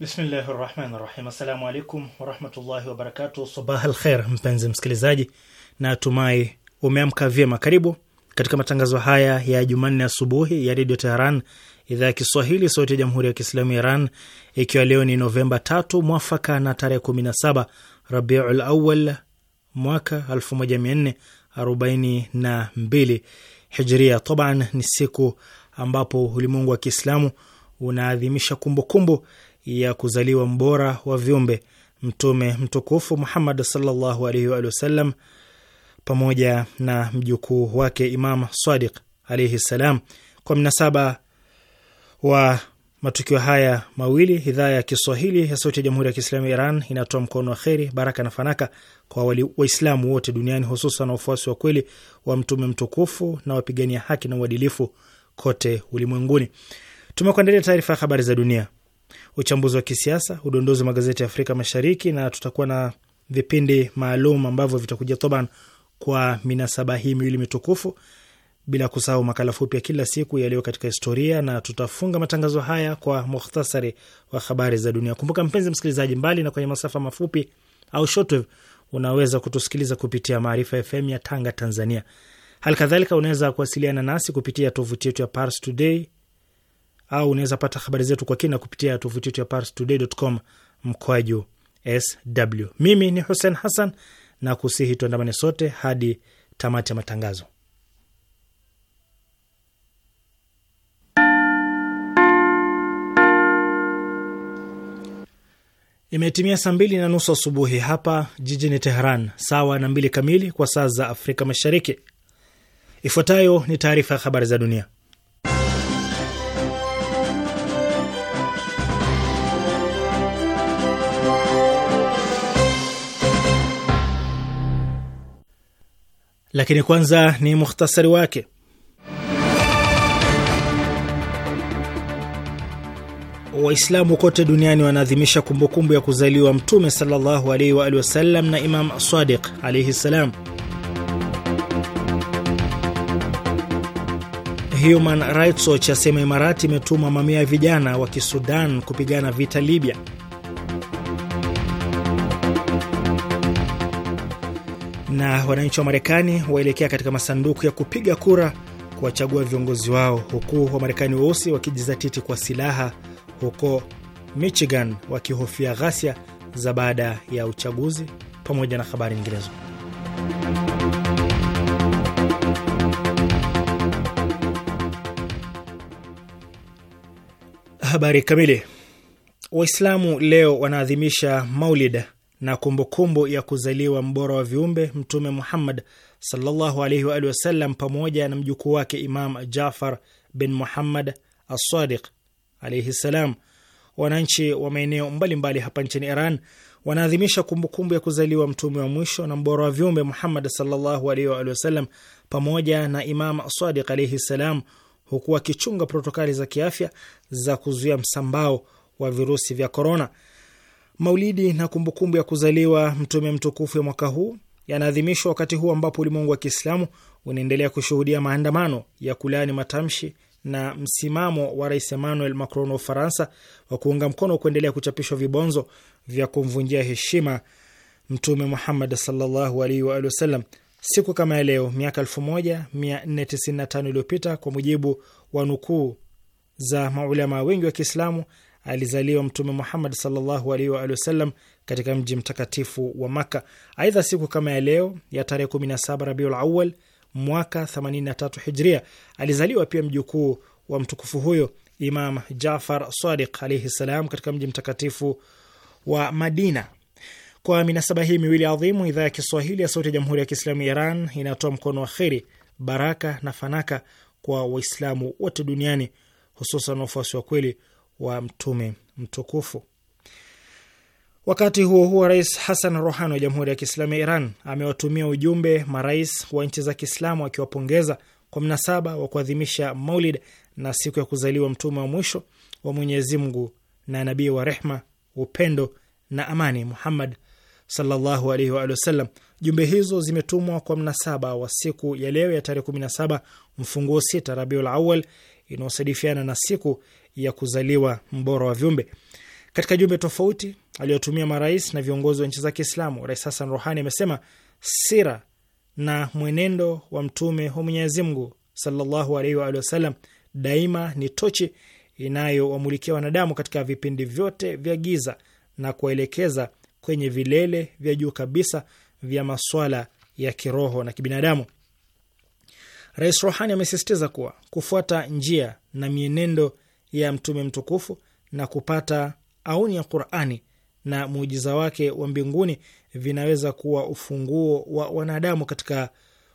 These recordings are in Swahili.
Bismillahi rahmani rahim. Assalamu alaikum warahmatullahi wabarakatu. Sabah alkher, mpenzi msikilizaji, na tumai umeamka vyema. Karibu katika matangazo haya ya Jumanne asubuhi ya redio Teheran, idhaa ya Kiswahili, sauti ya jamhuri ya kiislamu ya Iran, ikiwa leo ni Novemba 3 mwafaka na tarehe 17 Rabiul Awal mwaka 1442 Hijria. Taban ni siku ambapo ulimwengu wa Kiislamu unaadhimisha kumbukumbu kumbu ya kuzaliwa mbora wa viumbe Mtume mtukufu Muhammad sallallahu alaihi wa sallam pamoja na mjukuu wake Imam Sadiq alaihi salam. Kwa mnasaba wa matukio haya mawili, idhaa ya Kiswahili ya Sauti ya Jamhuri ya Kiislamu ya Iran inatoa mkono wa kheri, baraka na fanaka kwa Waislamu wote duniani, hususan wafuasi wa kweli wa Mtume mtukufu na wapigania haki na uadilifu kote ulimwenguni. Tumekuandalia taarifa ya habari za dunia uchambuzi wa kisiasa, udondozi wa magazeti ya Afrika Mashariki, na tutakuwa na vipindi maalum ambavyo vitakuja toban kwa minasaba hii miwili mitukufu, bila kusahau makala fupi ya kila siku yaliyo katika historia, na tutafunga matangazo haya kwa mukhtasari wa habari za dunia. Kumbuka mpenzi msikilizaji, mbali na kwenye masafa mafupi au shortwave, unaweza kutusikiliza kupitia Maarifa FM ya Tanga, Tanzania. Hali kadhalika unaweza kuwasiliana nasi kupitia tovuti yetu ya Pars Today au unaweza pata habari zetu kwa kina kupitia tovuti yetu ya parstoday.com mkwaju sw. Mimi ni Hussein Hassan na kusihi tuandamane sote hadi tamati ya matangazo. Imetimia saa mbili na nusu asubuhi hapa jijini Teheran, sawa na mbili kamili kwa saa za Afrika Mashariki. Ifuatayo ni taarifa ya habari za dunia lakini kwanza ni muhtasari wake. Waislamu kote duniani wanaadhimisha kumbukumbu ya kuzaliwa Mtume sallallahu alaihi wa alihi wasallam na Imam Sadiq alaihi ssalam. Human Rights Watch yasema Imarati imetuma mamia ya vijana wa Kisudan kupigana vita Libya. na wananchi wa Marekani waelekea katika masanduku ya kupiga kura kuwachagua viongozi wao, huku Wamarekani weusi wakijizatiti kwa silaha huko Michigan wakihofia ghasia za baada ya uchaguzi, pamoja na habari nyinginezo. Habari kamili. Waislamu leo wanaadhimisha Maulid na kumbukumbu ya kuzaliwa mbora wa viumbe Mtume Muhammad sallallahu alaihi wa alihi wasallam pamoja na mjukuu wake Imam Jafar bin Muhammad Assadiq alaihi salam. Wananchi wa maeneo mbalimbali hapa nchini Iran wanaadhimisha kumbukumbu ya kuzaliwa mtume wa mwisho na mbora wa viumbe Muhammad sallallahu alaihi wa alihi wasallam pamoja na Imam Sadiq alaihi salam, huku wakichunga protokali za kiafya za kuzuia msambao wa virusi vya korona. Maulidi na kumbukumbu ya kuzaliwa mtume mtukufu ya mwaka huu yanaadhimishwa wakati huu ambapo ulimwengu wa Kiislamu unaendelea kushuhudia maandamano ya kulaani matamshi na msimamo wa Rais Emmanuel Macron wa Ufaransa wa kuunga mkono kuendelea kuchapishwa vibonzo vya kumvunjia heshima Mtume Muhammad sallallahu alaihi wa alihi wasallam. Siku kama ya leo miaka 1495 iliyopita, kwa mujibu wa nukuu za maulama wengi wa Kiislamu alizaliwa Mtume Muhammad sallallahu alaihi wa sallam katika mji mtakatifu wa makka Aidha, siku kama ya leo ya tarehe 17 Rabiul Awal mwaka 83 Hijria alizaliwa pia mjukuu wa mtukufu huyo Imam Jafar Sadiq alaihi salam katika mji mtakatifu wa Madina. Kwa minasaba hii miwili adhimu, idhaa ya Kiswahili ya Sauti ya Jamhuri ya Kiislamu ya Iran inatoa mkono wa kheri, baraka na fanaka kwa Waislamu wote duniani, hususan wafuasi wa kweli wa mtume mtukufu. Wakati huo huo, Rais Hassan Rohani wa Jamhuri ya Kiislamu ya Iran amewatumia ujumbe marais wa nchi za Kiislamu akiwapongeza kwa mnasaba wa kuadhimisha Maulid na siku ya kuzaliwa mtume wa mwisho wa Mwenyezi Mungu na nabii wa rehma, upendo na amani, Muhammad sallallahu alaihi wa sallam. Jumbe hizo zimetumwa kwa mnasaba wa siku ya leo ya tarehe 17 mfunguo sita Rabiul Awal inayosadifiana na siku ya kuzaliwa mbora wa viumbe. Katika jumbe tofauti aliyotumia marais na viongozi wa nchi za Kiislamu, Rais Hassan Rohani amesema sira na mwenendo wa Mtume wa Mwenyezi Mungu sallallahu alaihi wa daima ni tochi inayowamulikia wanadamu katika vipindi vyote vya giza na kuwaelekeza kwenye vilele vya juu kabisa vya maswala ya kiroho na kibinadamu. Rais Rohani amesisitiza kuwa kufuata njia na mienendo ya mtume mtukufu na kupata auni ya Qur'ani na muujiza wake wa mbinguni vinaweza kuwa ufunguo wa wanadamu katika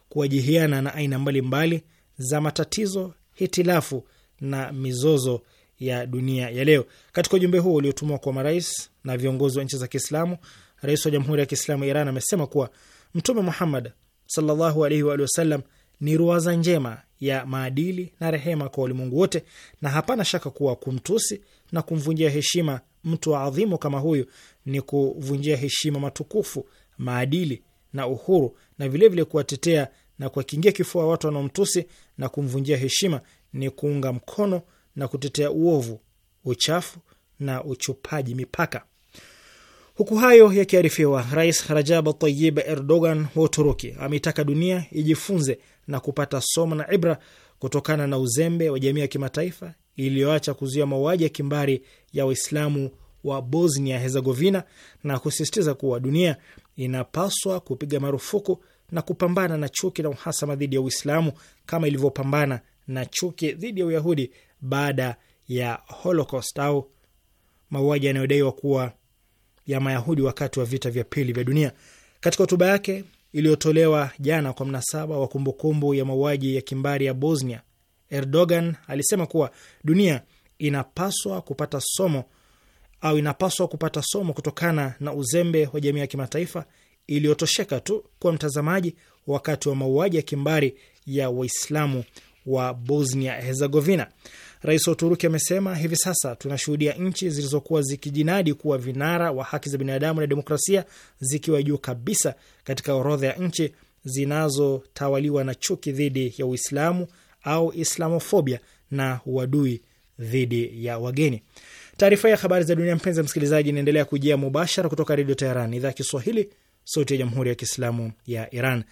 kuwajihiana na aina mbalimbali mbali za matatizo, hitilafu na mizozo ya dunia ya leo. Katika ujumbe huo uliotumwa kwa marais na viongozi wa nchi za Kiislamu, rais wa Jamhuri ya Kiislamu Iran amesema kuwa Mtume Muhammad sallallahu alaihi wa ni ruwaza njema ya maadili na rehema kwa ulimwengu wote, na hapana shaka kuwa kumtusi na kumvunjia heshima mtu wa adhimu kama huyu ni kuvunjia heshima matukufu, maadili na uhuru, na vilevile kuwatetea na kuwakingia kifua watu wanaomtusi na kumvunjia heshima ni kuunga mkono na kutetea uovu, uchafu na uchupaji mipaka. Huku hayo yakiarifiwa, Rais Rajab Tayib Erdogan wa Uturuki ameitaka dunia ijifunze na kupata somo na ibra kutokana na uzembe wa jamii ya kimataifa iliyoacha kuzuia mauaji ya kimbari ya Waislamu wa Bosnia Herzegovina na kusisitiza kuwa dunia inapaswa kupiga marufuku na kupambana na chuki na uhasama dhidi ya Uislamu kama ilivyopambana na chuki dhidi ya Uyahudi baada ya Holocaust au mauaji yanayodaiwa kuwa ya Mayahudi wakati wa vita vya pili vya dunia. Katika hotuba yake iliyotolewa jana kwa mnasaba wa kumbukumbu ya mauaji ya kimbari ya Bosnia, Erdogan alisema kuwa dunia inapaswa kupata somo au inapaswa kupata somo kutokana na uzembe wa jamii ya kimataifa iliyotosheka tu kuwa mtazamaji wakati wa mauaji ya kimbari ya Waislamu wa Bosnia Herzegovina. Rais wa Uturuki amesema hivi sasa tunashuhudia nchi zilizokuwa zikijinadi kuwa vinara wa haki za binadamu na demokrasia zikiwa juu kabisa katika orodha ya nchi zinazotawaliwa na chuki dhidi ya Uislamu au islamofobia na uadui dhidi ya wageni. Taarifa ya habari za dunia, mpenzi msikilizaji, inaendelea kujia mubashara kutoka Redio Teheran, idhaa ya Kiswahili, sauti ya Jamhuri ya Kiislamu ya Iran.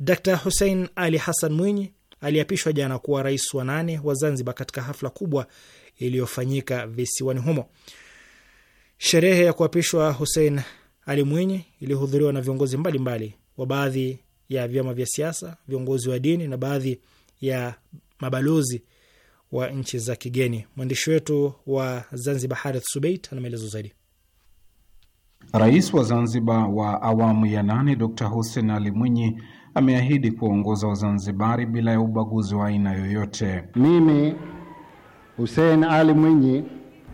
Dr Hussein Ali Hassan Mwinyi aliapishwa jana kuwa rais wa nane wa Zanzibar katika hafla kubwa iliyofanyika visiwani humo. Sherehe ya kuapishwa Hussein Ali Mwinyi ilihudhuriwa na viongozi mbalimbali wa baadhi ya vyama vya siasa, viongozi wa dini na baadhi ya mabalozi wa nchi za kigeni. Mwandishi wetu wa Zanzibar Harith Subeit ana maelezo zaidi. Rais wa Zanzibar wa awamu ya nane Dr Hussein Ali Mwinyi ameahidi kuongoza Wazanzibari bila ya ubaguzi wa aina yoyote. Mimi Hussein Ali Mwinyi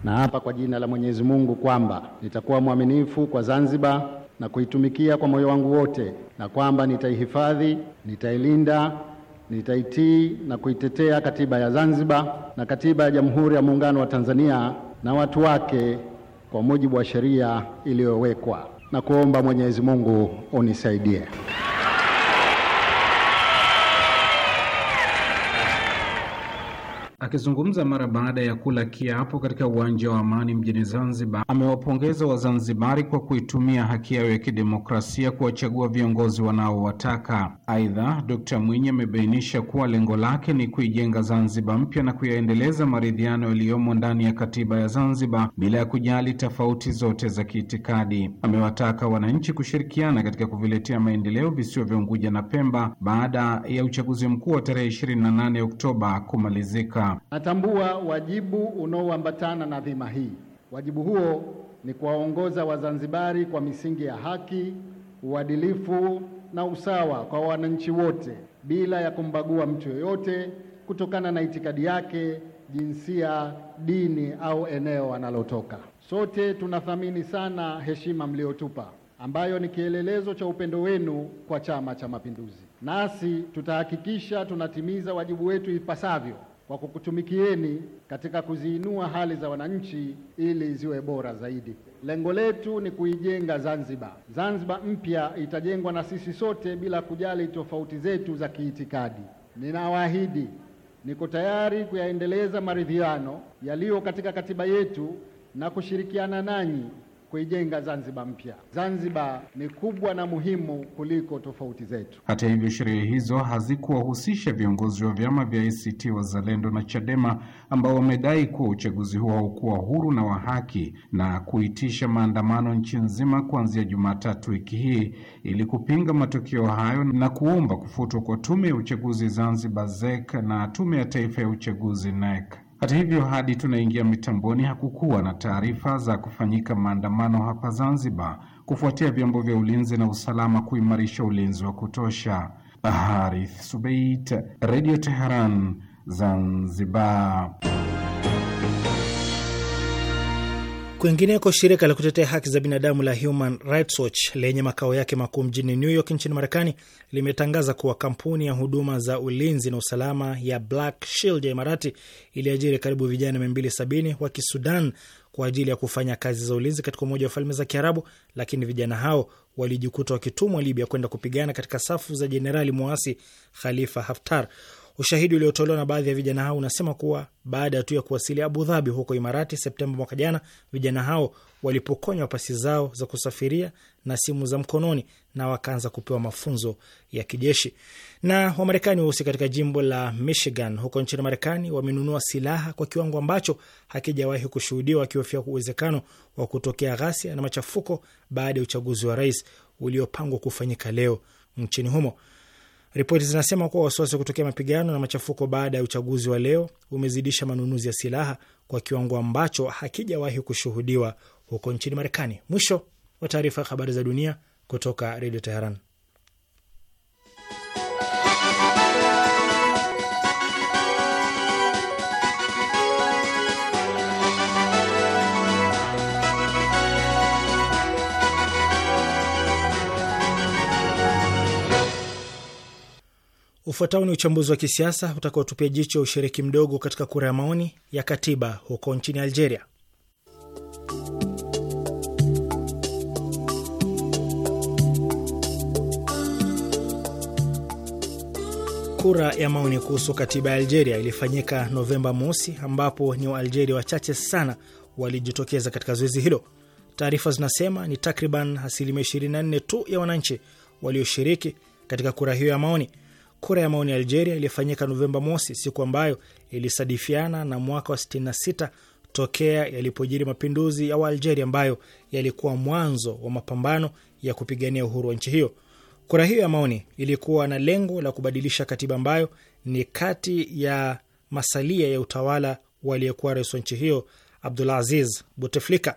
naapa kwa jina la Mwenyezi Mungu kwamba nitakuwa mwaminifu kwa Zanzibar na kuitumikia kwa moyo wangu wote, na kwamba nitaihifadhi, nitailinda, nitaitii na kuitetea katiba ya Zanzibar na katiba ya Jamhuri ya Muungano wa Tanzania na watu wake kwa mujibu wa sheria iliyowekwa, na kuomba Mwenyezi Mungu unisaidie. Akizungumza mara baada ya kula kiapo katika uwanja wa Amani mjini Zanzibar, amewapongeza Wazanzibari kwa kuitumia haki yao ya kidemokrasia kuwachagua viongozi wanaowataka. Aidha, Dkt Mwinyi amebainisha kuwa lengo lake ni kuijenga Zanzibar mpya na kuyaendeleza maridhiano yaliyomo ndani ya katiba ya Zanzibar bila ya kujali tofauti zote za kiitikadi. Amewataka wananchi kushirikiana katika kuviletea maendeleo visiwa vya Unguja na Pemba baada ya uchaguzi mkuu wa tarehe 28 Oktoba kumalizika. Natambua wajibu unaoambatana na dhima hii. Wajibu huo ni kuwaongoza Wazanzibari kwa misingi ya haki, uadilifu na usawa kwa wananchi wote bila ya kumbagua mtu yoyote kutokana na itikadi yake, jinsia, dini au eneo analotoka. Sote tunathamini sana heshima mliotupa ambayo ni kielelezo cha upendo wenu kwa Chama cha Mapinduzi. Nasi tutahakikisha tunatimiza wajibu wetu ipasavyo kwa kukutumikieni katika kuziinua hali za wananchi ili ziwe bora zaidi. Lengo letu ni kuijenga Zanzibar. Zanzibar mpya itajengwa na sisi sote bila kujali tofauti zetu za kiitikadi. Ninawaahidi niko tayari kuyaendeleza maridhiano yaliyo katika katiba yetu na kushirikiana nanyi kuijenga Zanzibar mpya. Zanzibar ni kubwa na muhimu kuliko tofauti zetu. Hata hivyo, sherehe hizo hazikuwahusisha viongozi wa vyama vya ACT Wazalendo na CHADEMA ambao wamedai kuwa uchaguzi huo haukuwa huru na wa haki na kuitisha maandamano nchi nzima kuanzia Jumatatu wiki hii ili kupinga matokeo hayo na kuomba kufutwa kwa tume ya uchaguzi Zanzibar ZEK na tume ya taifa ya uchaguzi NEC. Hata hivyo, hadi tunaingia mitamboni hakukuwa na taarifa za kufanyika maandamano hapa Zanzibar kufuatia vyombo vya ulinzi na usalama kuimarisha ulinzi wa kutosha. Harith Subait, Radio Teheran, Zanzibar. Kwingineko, shirika la kutetea haki za binadamu la Human Rights Watch lenye makao yake makuu mjini New York nchini Marekani limetangaza kuwa kampuni ya huduma za ulinzi na usalama ya Black Shield ya Imarati iliajiri karibu vijana 270 wa Kisudan kwa ajili ya kufanya kazi za ulinzi katika Umoja wa Falme za Kiarabu, lakini vijana hao walijikuta wakitumwa Libya kwenda kupigana katika safu za jenerali mwasi Khalifa Haftar. Ushahidi uliotolewa na baadhi ya vijana hao unasema kuwa baada tu ya kuwasili Abu Dhabi huko Imarati Septemba mwaka jana, vijana hao walipokonywa pasi zao za kusafiria na simu za mkononi na wakaanza kupewa mafunzo ya kijeshi. Na Wamarekani weusi katika jimbo la Michigan huko nchini Marekani wamenunua silaha kwa kiwango ambacho hakijawahi kushuhudiwa, akiofia uwezekano wa kutokea ghasia na machafuko baada ya uchaguzi wa rais uliopangwa kufanyika leo nchini humo. Ripoti zinasema kuwa wasiwasi kutokea mapigano na machafuko baada ya uchaguzi wa leo umezidisha manunuzi ya silaha kwa kiwango ambacho hakijawahi kushuhudiwa huko nchini Marekani. Mwisho wa taarifa ya habari za dunia kutoka Redio Teheran. Ufuatao ni uchambuzi wa kisiasa utakaotupia jicho ushiriki mdogo katika kura ya maoni ya katiba huko nchini Algeria. Kura ya maoni kuhusu katiba ya Algeria ilifanyika Novemba mosi, ambapo ni Waalgeria wachache sana walijitokeza katika zoezi hilo. Taarifa zinasema ni takriban asilimia 24 tu ya wananchi walioshiriki katika kura hiyo ya maoni. Kura ya maoni ya Algeria iliyofanyika Novemba mosi, siku ambayo ilisadifiana na mwaka wa 66 tokea yalipojiri mapinduzi ya Waalgeria ambayo yalikuwa mwanzo wa mapambano ya kupigania uhuru wa nchi hiyo. Kura hiyo ya maoni ilikuwa na lengo la kubadilisha katiba ambayo ni kati ya masalia ya utawala waliyekuwa rais wa nchi hiyo Abdulaziz Buteflika.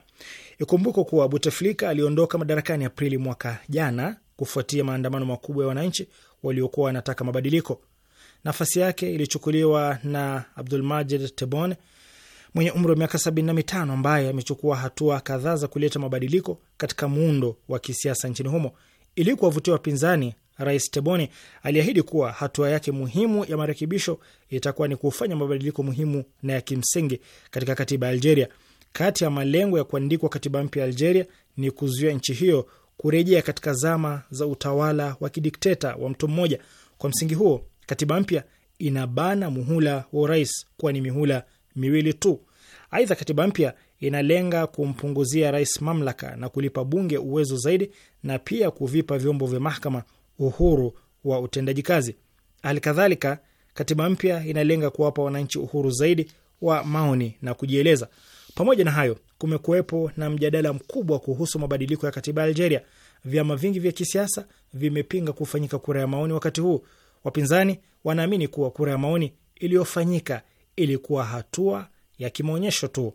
ikumbuko kuwa Buteflika aliondoka madarakani Aprili mwaka jana kufuatia maandamano makubwa ya wananchi waliokuwa wanataka mabadiliko. Nafasi yake ilichukuliwa na Abdulmajid Tebboune mwenye umri wa miaka 75 ambaye amechukua hatua kadhaa za kuleta mabadiliko katika muundo wa kisiasa nchini humo. Ili kuwavutia wapinzani, Rais Tebboune aliahidi kuwa hatua yake muhimu ya marekebisho itakuwa ni kufanya mabadiliko muhimu na ya kimsingi katika katiba ya Algeria. Kati ya malengo ya kuandikwa katiba mpya ya Algeria ni kuzuia nchi hiyo kurejea katika zama za utawala wa kidikteta wa mtu mmoja. Kwa msingi huo, katiba mpya inabana muhula wa urais kuwa ni mihula miwili tu. Aidha, katiba mpya inalenga kumpunguzia rais mamlaka na kulipa bunge uwezo zaidi na pia kuvipa vyombo vya mahakama uhuru wa utendaji kazi. Hali kadhalika, katiba mpya inalenga kuwapa wananchi uhuru zaidi wa maoni na kujieleza. Pamoja na hayo, kumekuwepo na mjadala mkubwa kuhusu mabadiliko ya katiba ya Algeria. Vyama vingi vya kisiasa vimepinga kufanyika kura ya maoni wakati huu. Wapinzani wanaamini kuwa kura ya maoni iliyofanyika ilikuwa hatua ya kimaonyesho tu.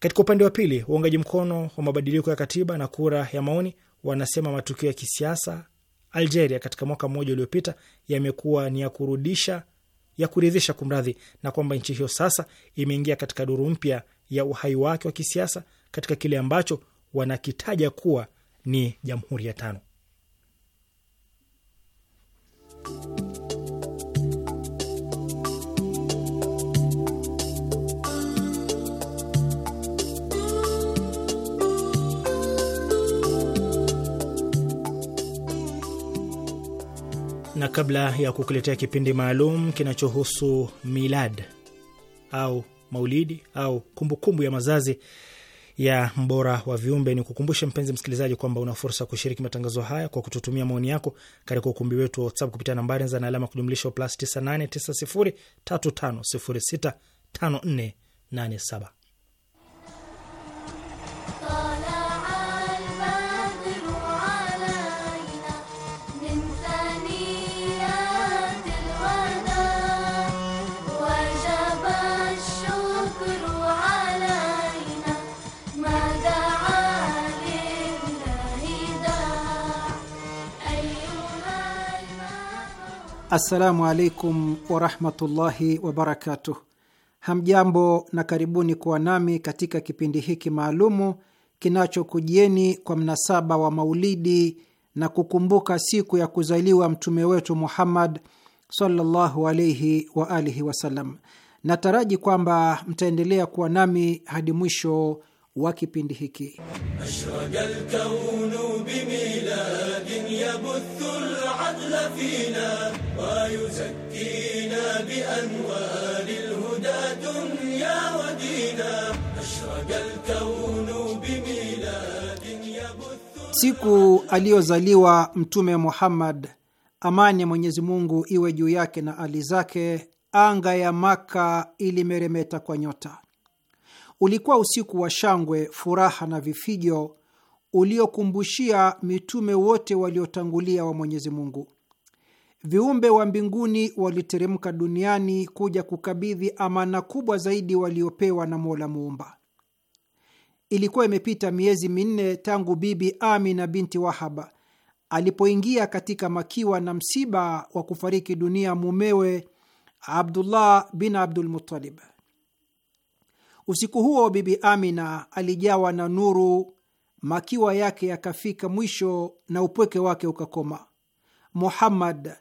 Katika upande wa pili, uungaji mkono wa mabadiliko ya katiba na kura ya maoni wanasema matukio ya kisiasa Algeria katika mwaka mmoja uliopita yamekuwa ni ya kurudisha ya kuridhisha kumradhi, na kwamba nchi hiyo sasa imeingia katika duru mpya ya uhai wake wa kisiasa katika kile ambacho wanakitaja kuwa ni jamhuri ya tano. na kabla ya kukuletea kipindi maalum kinachohusu milad au maulidi au kumbukumbu kumbu ya mazazi ya mbora wa viumbe, ni kukumbushe mpenzi msikilizaji kwamba una fursa kushiriki matangazo haya kwa kututumia maoni yako katika ukumbi wetu wa WhatsApp kupitia nambari za na alama kujumlisha plus 989035065487. Assalamu alaikum warahmatullahi wabarakatuh. Hamjambo na karibuni kuwa nami katika kipindi hiki maalumu kinachokujieni kwa mnasaba wa maulidi na kukumbuka siku ya kuzaliwa mtume wetu Muhammad sallallahu alaihi wa alihi wasallam. Nataraji kwamba mtaendelea kuwa nami hadi mwisho wa kipindi hiki. Siku aliyozaliwa Mtume Muhammad, amani ya Mwenyezi Mungu iwe juu yake na ali zake, anga ya Maka ilimeremeta kwa nyota. Ulikuwa usiku wa shangwe, furaha na vifijo uliokumbushia mitume wote waliotangulia wa Mwenyezi Mungu. Viumbe wa mbinguni waliteremka duniani kuja kukabidhi amana kubwa zaidi waliopewa na Mola Muumba. Ilikuwa imepita miezi minne tangu Bibi Amina binti Wahaba alipoingia katika makiwa na msiba wa kufariki dunia mumewe Abdullah bin Abdul Muttalib. Usiku huo Bibi Amina alijawa na nuru, makiwa yake yakafika mwisho na upweke wake ukakoma. Muhammad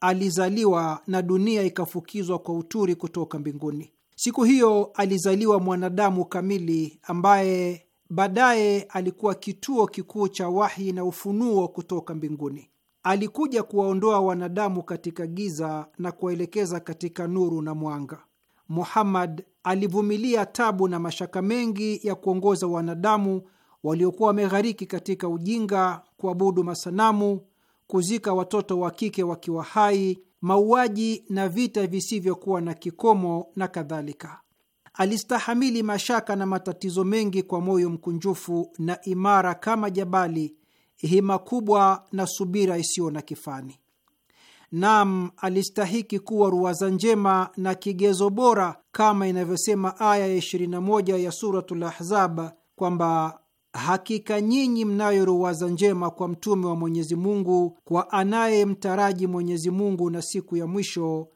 alizaliwa na dunia ikafukizwa kwa uturi kutoka mbinguni. Siku hiyo alizaliwa mwanadamu kamili ambaye baadaye alikuwa kituo kikuu cha wahi na ufunuo kutoka mbinguni. Alikuja kuwaondoa wanadamu katika giza na kuwaelekeza katika nuru na mwanga. Muhammad alivumilia tabu na mashaka mengi ya kuongoza wanadamu waliokuwa wameghariki katika ujinga, kuabudu masanamu, kuzika watoto wa kike wakiwa hai, mauaji na vita visivyokuwa na kikomo na kadhalika. Alistahamili mashaka na matatizo mengi kwa moyo mkunjufu na imara kama jabali, hima kubwa na subira isiyo na kifani. Naam, alistahiki kuwa ruwaza njema na kigezo bora, kama inavyosema aya ya 21 ya Suratul Ahzab kwamba hakika nyinyi mnayo ruwaza njema kwa mtume wa Mwenyezi Mungu, kwa anayemtaraji Mwenyezi Mungu na siku ya mwisho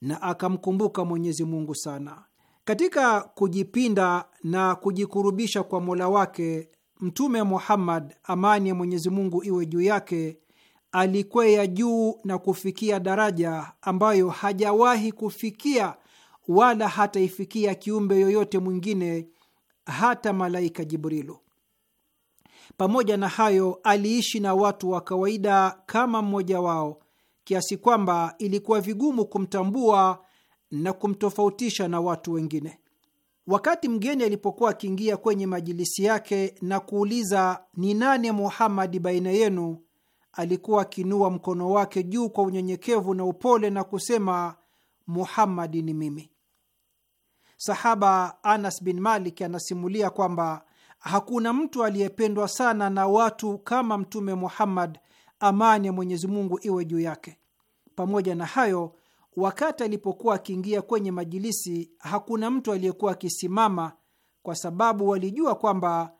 na akamkumbuka Mwenyezi Mungu sana. Katika kujipinda na kujikurubisha kwa mola wake, Mtume Muhammad, amani ya Mwenyezi Mungu iwe juu yake alikwea juu na kufikia daraja ambayo hajawahi kufikia wala hataifikia kiumbe yoyote mwingine, hata malaika Jibrilu. Pamoja na hayo, aliishi na watu wa kawaida kama mmoja wao, kiasi kwamba ilikuwa vigumu kumtambua na kumtofautisha na watu wengine. Wakati mgeni alipokuwa akiingia kwenye majilisi yake na kuuliza ni nani Muhamadi baina yenu, alikuwa akiinua mkono wake juu kwa unyenyekevu na upole na kusema, Muhammadi ni mimi. Sahaba Anas bin Malik anasimulia kwamba hakuna mtu aliyependwa sana na watu kama Mtume Muhammad, amani ya Mwenyezi Mungu iwe juu yake. Pamoja na hayo, wakati alipokuwa akiingia kwenye majilisi, hakuna mtu aliyekuwa akisimama, kwa sababu walijua kwamba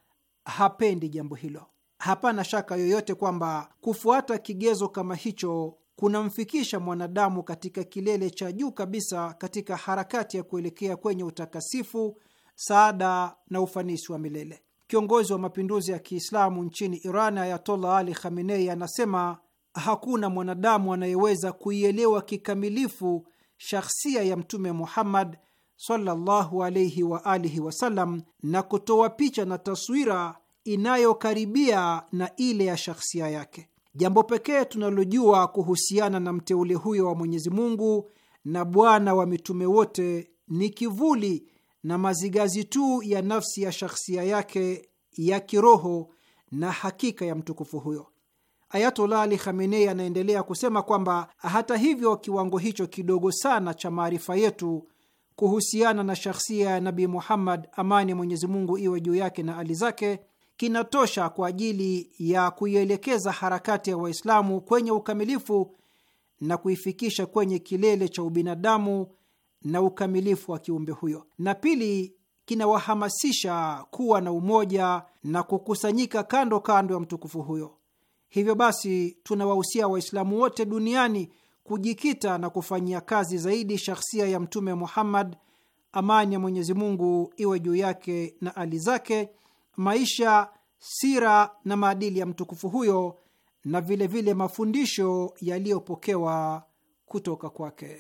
hapendi jambo hilo. Hapana shaka yoyote kwamba kufuata kigezo kama hicho kunamfikisha mwanadamu katika kilele cha juu kabisa katika harakati ya kuelekea kwenye utakasifu, saada na ufanisi wa milele. Kiongozi wa mapinduzi ya Kiislamu nchini Iran, Ayatollah Ali Khamenei, anasema hakuna mwanadamu anayeweza kuielewa kikamilifu shahsia ya Mtume Muhammad sallallahu alaihi wa alihi wasallam na kutoa picha na taswira inayokaribia na ile ya shakhsia yake. Jambo pekee tunalojua kuhusiana na mteule huyo wa Mwenyezi Mungu na bwana wa mitume wote ni kivuli na mazigazi tu ya nafsi ya shakhsia yake ya kiroho na hakika ya mtukufu huyo. Ayatollah Ali Khamenei anaendelea kusema kwamba hata hivyo, kiwango hicho kidogo sana cha maarifa yetu kuhusiana na shakhsia ya Nabii Muhammad, amani ya Mwenyezi Mungu iwe juu yake na ali zake, kinatosha kwa ajili ya kuielekeza harakati ya Waislamu kwenye ukamilifu na kuifikisha kwenye kilele cha ubinadamu na ukamilifu wa kiumbe huyo, na pili, kinawahamasisha kuwa na umoja na kukusanyika kando kando ya mtukufu huyo. Hivyo basi, tunawahusia Waislamu wote duniani kujikita na kufanyia kazi zaidi shakhsia ya Mtume Muhammad, amani ya Mwenyezi Mungu iwe juu yake na ali zake maisha, sira na maadili ya mtukufu huyo na vilevile vile mafundisho yaliyopokewa kutoka kwake.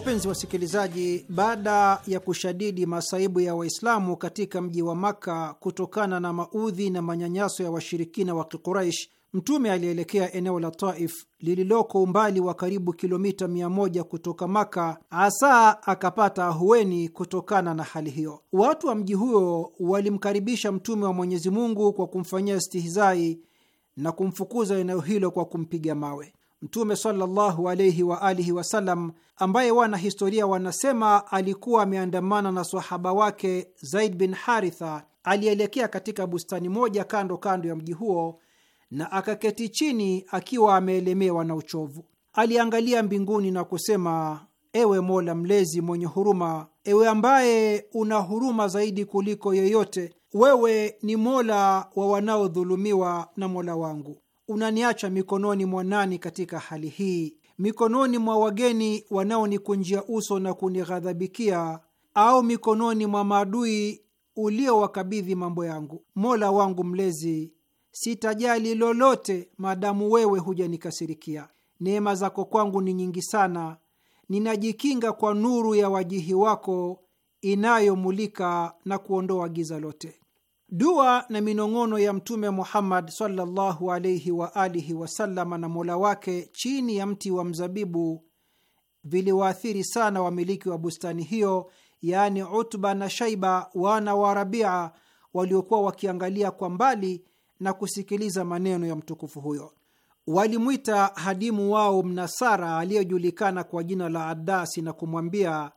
Wapenzi wasikilizaji, baada ya kushadidi masaibu ya Waislamu katika mji wa Makka kutokana na maudhi na manyanyaso ya washirikina wa Kikuraish, Mtume alielekea eneo la Taif lililoko umbali wa karibu kilomita 100 kutoka Maka, hasa akapata ahueni kutokana na hali hiyo. Watu wa mji huyo walimkaribisha Mtume wa Mwenyezi Mungu kwa kumfanyia stihizai na kumfukuza eneo hilo kwa kumpiga mawe. Mtume sallallahu alaihi wa alihi wasallam, ambaye wanahistoria wanasema alikuwa ameandamana na sahaba wake Zaid bin Haritha, alielekea katika bustani moja kando kando ya mji huo na akaketi chini akiwa ameelemewa na uchovu. Aliangalia mbinguni na kusema: Ewe Mola Mlezi mwenye huruma, ewe ambaye una huruma zaidi kuliko yeyote, wewe ni Mola wa wanaodhulumiwa na Mola wangu unaniacha mikononi mwa nani katika hali hii? Mikononi mwa wageni wanaonikunjia uso na kunighadhabikia, au mikononi mwa maadui uliowakabidhi mambo yangu? Mola wangu Mlezi, sitajali lolote maadamu wewe hujanikasirikia. Neema zako kwangu ni nyingi sana, ninajikinga kwa nuru ya wajihi wako inayomulika na kuondoa giza lote. Dua na minong'ono ya Mtume Muhammad sallallahu alaihi wa alihi na mola wake chini ya mti wa mzabibu viliwaathiri sana wamiliki wa bustani hiyo, yaani Utba na Shaiba wana wa Rabia, waliokuwa wakiangalia kwa mbali na kusikiliza maneno ya mtukufu huyo. Walimwita hadimu wao Mnasara aliyejulikana kwa jina la Adasi na kumwambia,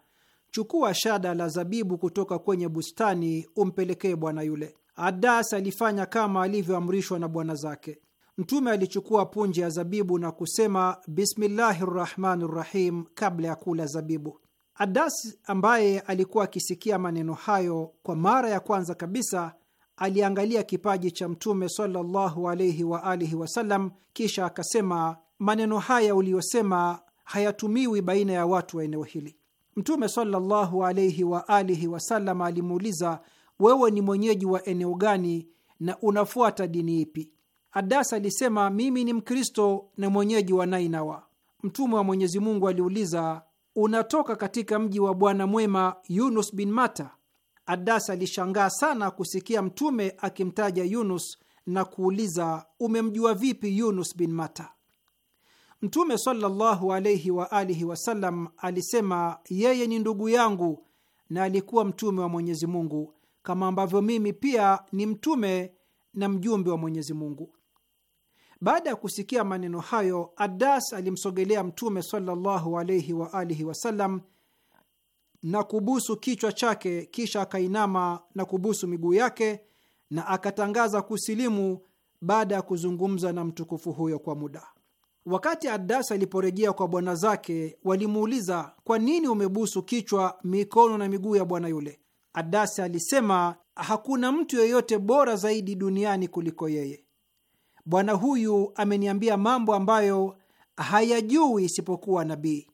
chukua shada la zabibu kutoka kwenye bustani umpelekee bwana yule. Adas alifanya kama alivyoamrishwa na bwana zake. Mtume alichukua punje ya zabibu na kusema bismillahi rrahmani rrahim kabla ya kula zabibu. Adas ambaye alikuwa akisikia maneno hayo kwa mara ya kwanza kabisa aliangalia kipaji cha Mtume sallallahu alaihi wa alihi wasallam, kisha akasema, maneno haya uliyosema hayatumiwi baina ya watu wa eneo hili. Mtume sallallahu alaihi wa alihi wasallam alimuuliza wewe ni mwenyeji wa eneo gani na unafuata dini ipi? Adas alisema, mimi ni Mkristo na mwenyeji wa Nainawa. Mtume wa Mwenyezi Mungu aliuliza, unatoka katika mji wa bwana mwema Yunus bin Mata? Adas alishangaa sana kusikia Mtume akimtaja Yunus na kuuliza, umemjua vipi Yunus bin Mata? Mtume sallallahu alayhi wa alihi wasallam alisema, yeye ni ndugu yangu na alikuwa mtume wa Mwenyezi Mungu kama ambavyo mimi pia ni mtume na mjumbe wa Mwenyezi Mungu. Baada ya kusikia maneno hayo, Adas alimsogelea Mtume sallallahu alaihi wa alihi wasallam na kubusu kichwa chake, kisha akainama na kubusu miguu yake na akatangaza kusilimu baada ya kuzungumza na mtukufu huyo kwa muda. Wakati Adas aliporejea kwa bwana zake, walimuuliza, kwa nini umebusu kichwa, mikono na miguu ya bwana yule? Adasi alisema hakuna mtu yeyote bora zaidi duniani kuliko yeye. Bwana huyu ameniambia mambo ambayo hayajui isipokuwa nabii.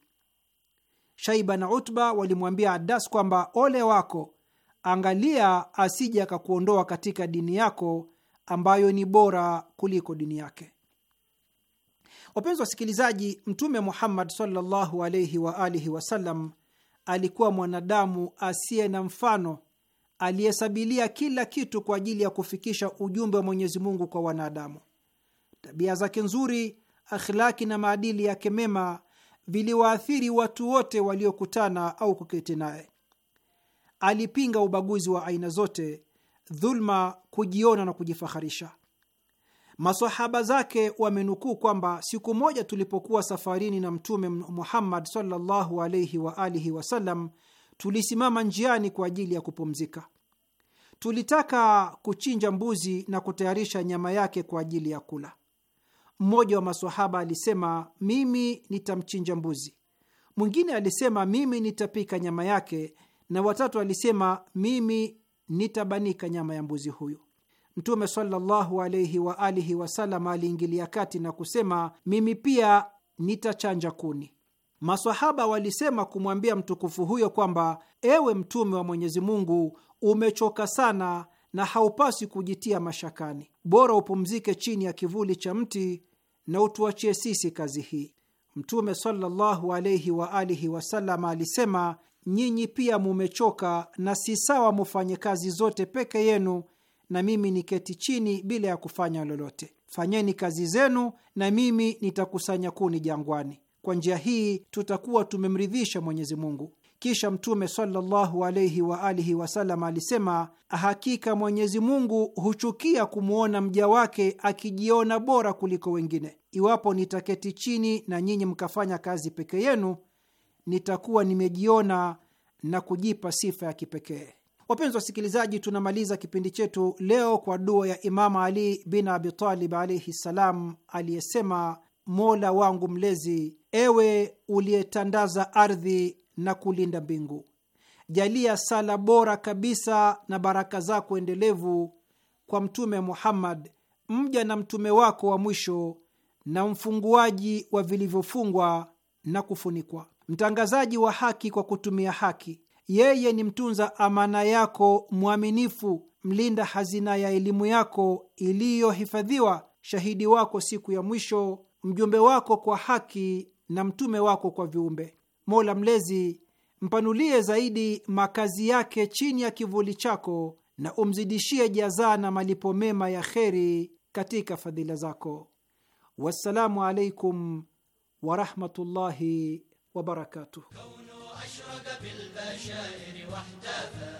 Shaiba na Utba walimwambia Adas kwamba ole wako, angalia asije akakuondoa katika dini yako ambayo ni bora kuliko dini yake. Wapenzi wasikilizaji, Mtume Muhammad sallallahu alaihi wa alihi wasallam alikuwa mwanadamu asiye na mfano aliyesabilia kila kitu kwa ajili ya kufikisha ujumbe wa Mwenyezi Mungu kwa wanadamu. Tabia zake nzuri, akhlaki na maadili yake mema viliwaathiri watu wote waliokutana au kuketi naye. Alipinga ubaguzi wa aina zote, dhulma, kujiona na kujifaharisha. Masahaba zake wamenukuu kwamba siku moja tulipokuwa safarini na Mtume Muhammad sallallahu alaihi wa alihi wasallam, tulisimama njiani kwa ajili ya kupumzika. Tulitaka kuchinja mbuzi na kutayarisha nyama yake kwa ajili ya kula. Mmoja wa masahaba alisema, mimi nitamchinja mbuzi. Mwingine alisema, mimi nitapika nyama yake, na watatu alisema, mimi nitabanika nyama ya mbuzi huyu. Mtume sallallahu alaihi wa alihi wasallam aliingilia kati na kusema, mimi pia nitachanja kuni. Masahaba walisema kumwambia mtukufu huyo kwamba, ewe Mtume wa Mwenyezi Mungu, umechoka sana na haupasi kujitia mashakani, bora upumzike chini ya kivuli cha mti na utuachie sisi kazi hii. Mtume sallallahu alaihi wa alihi wasallam alisema, nyinyi pia mumechoka na si sawa mufanye kazi zote peke yenu na mimi niketi chini bila ya kufanya lolote. Fanyeni kazi zenu na mimi nitakusanya kuni jangwani. Kwa njia hii tutakuwa tumemridhisha Mwenyezi Mungu. Kisha Mtume sallallahu alaihi wa alihi wasallam alisema, hakika Mwenyezi Mungu huchukia kumwona mja wake akijiona bora kuliko wengine. Iwapo nitaketi chini na nyinyi mkafanya kazi peke yenu, nitakuwa nimejiona na kujipa sifa ya kipekee. Wapenzi wasikilizaji, tunamaliza kipindi chetu leo kwa dua ya imamu Ali bin Abitalib alaihi ssalam, aliyesema: Mola wangu Mlezi, ewe uliyetandaza ardhi na kulinda mbingu, jalia sala bora kabisa na baraka zako endelevu kwa Mtume Muhammad, mja na mtume wako wa mwisho, na mfunguaji wa vilivyofungwa na kufunikwa, mtangazaji wa haki kwa kutumia haki yeye ni mtunza amana yako mwaminifu, mlinda hazina ya elimu yako iliyohifadhiwa, shahidi wako siku ya mwisho, mjumbe wako kwa haki na mtume wako kwa viumbe. Mola Mlezi, Mpanulie zaidi makazi yake chini ya kivuli chako na umzidishie jazaa na malipo mema ya kheri katika fadhila zako. Wassalamu alaikum warahmatullahi wabarakatuh. حبك بالبشائر واحتفى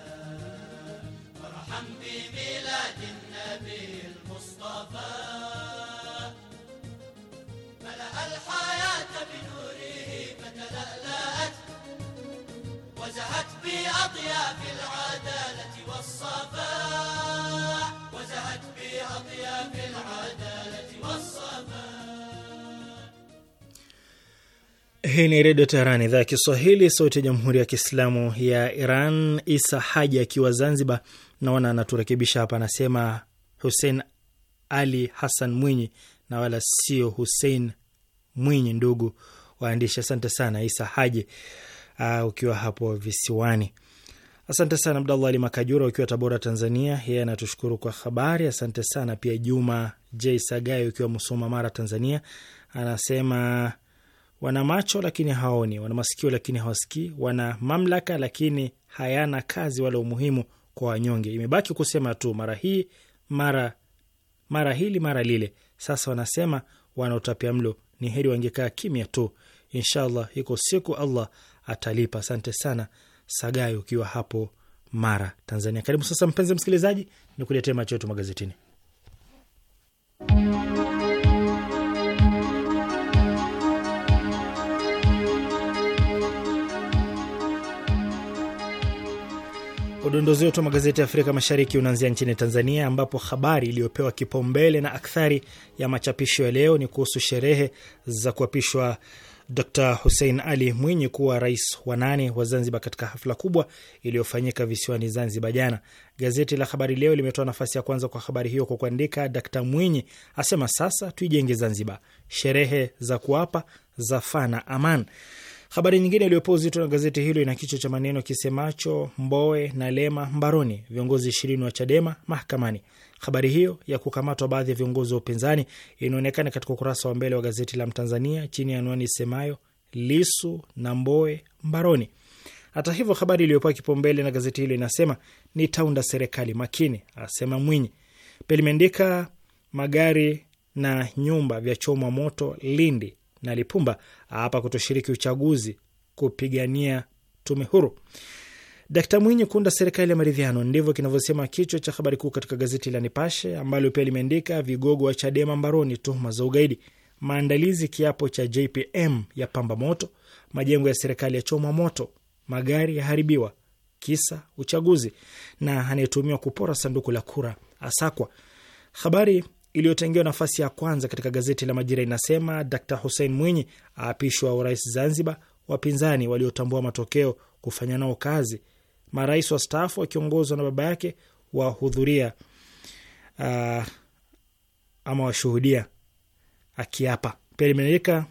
فرحم بميلاد النبي المصطفى ملأ الحياة بنوره فتلألأت وزهت بأطياف العدالة والصفاء وزهت بأطياف العدالة Hii ni Redio Teheran, idhaa ya Kiswahili, sauti ya Jamhuri ya Kiislamu ya Iran. Isa Haji akiwa Zanzibar, naona anaturekebisha hapa, anasema Hussein Ali Hassan Mwinyi na wala sio Hussein Mwinyi. Ndugu waandishi, asante sana Isa Haji uh, ukiwa hapo visiwani. Asante sana Abdallah Ali Makajura ukiwa Tabora, Tanzania, yeye anatushukuru kwa habari. Asante sana pia Juma J sagai ukiwa Musoma, Mara, Tanzania, anasema wana macho lakini haoni, wana masikio lakini hawasikii, wana mamlaka lakini hayana kazi wala umuhimu kwa wanyonge. Imebaki kusema tu mara hii mara mara hili mara lile. Sasa wanasema wana utapia mlo, ni heri wangekaa kimya tu. Inshallah, iko siku Allah atalipa. Asante sana Sagai, ukiwa hapo Mara, Tanzania. Karibu sasa, mpenzi msikilizaji, ni kuletea macho yetu magazetini. Udondozi wetu wa magazeti ya Afrika Mashariki unaanzia nchini Tanzania, ambapo habari iliyopewa kipaumbele na akthari ya machapisho ya leo ni kuhusu sherehe za kuapishwa Dr Hussein Ali Mwinyi kuwa rais wa nane wa Zanzibar katika hafla kubwa iliyofanyika visiwani Zanzibar jana. Gazeti la Habari Leo limetoa nafasi ya kwanza kwa habari hiyo kwa kuandika, Dr Mwinyi asema sasa tuijenge Zanzibar, sherehe za kuapa za fana aman Habari nyingine iliyopewa uzito na gazeti hilo ina kichwa cha maneno kisemacho Mboe na Lema mbaroni, viongozi ishirini wa Chadema mahakamani. Habari hiyo ya kukamatwa baadhi ya viongozi wa upinzani inaonekana katika ukurasa wa mbele wa gazeti la Mtanzania chini ya anwani isemayo Lisu na Mboe mbaroni. Hata hivyo, habari iliyopewa kipaumbele na gazeti hilo inasema ni taunda serikali makini, asema Mwinyi. Pia limeandika magari na nyumba vya chomwa moto Lindi, na Lipumba hapa kutoshiriki uchaguzi kupigania tume huru. Dkt Mwinyi kuunda serikali ya maridhiano, ndivyo kinavyosema kichwa cha habari kuu katika gazeti la Nipashe ambalo pia limeandika vigogo wa Chadema mbaroni tuhuma za ugaidi, maandalizi kiapo cha JPM ya pamba moto, majengo ya serikali ya chomwa moto, magari yaharibiwa kisa uchaguzi, na anayetumiwa kupora sanduku la kura asakwa. Habari iliyotengewa nafasi ya kwanza katika gazeti la Majira inasema Dr Hussein Mwinyi aapishwa urais Zanzibar, wapinzani waliotambua matokeo kufanya nao kazi. Marais wastaafu wakiongozwa na baba yake wahudhuria uh, ama washuhudia akiapa. Pia limeandika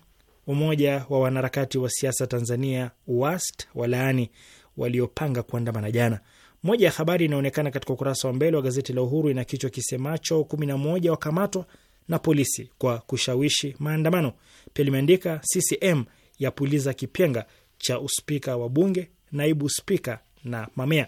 umoja wa wanaharakati wa siasa Tanzania, UWAST, walaani waliopanga kuandamana jana. Moja ya habari inaonekana katika ukurasa wa mbele wa gazeti la Uhuru ina kichwa kisemacho kumi na moja wakamatwa na polisi kwa kushawishi maandamano. Pia limeandika CCM yapuliza kipenga cha uspika wa bunge, naibu spika na mamea.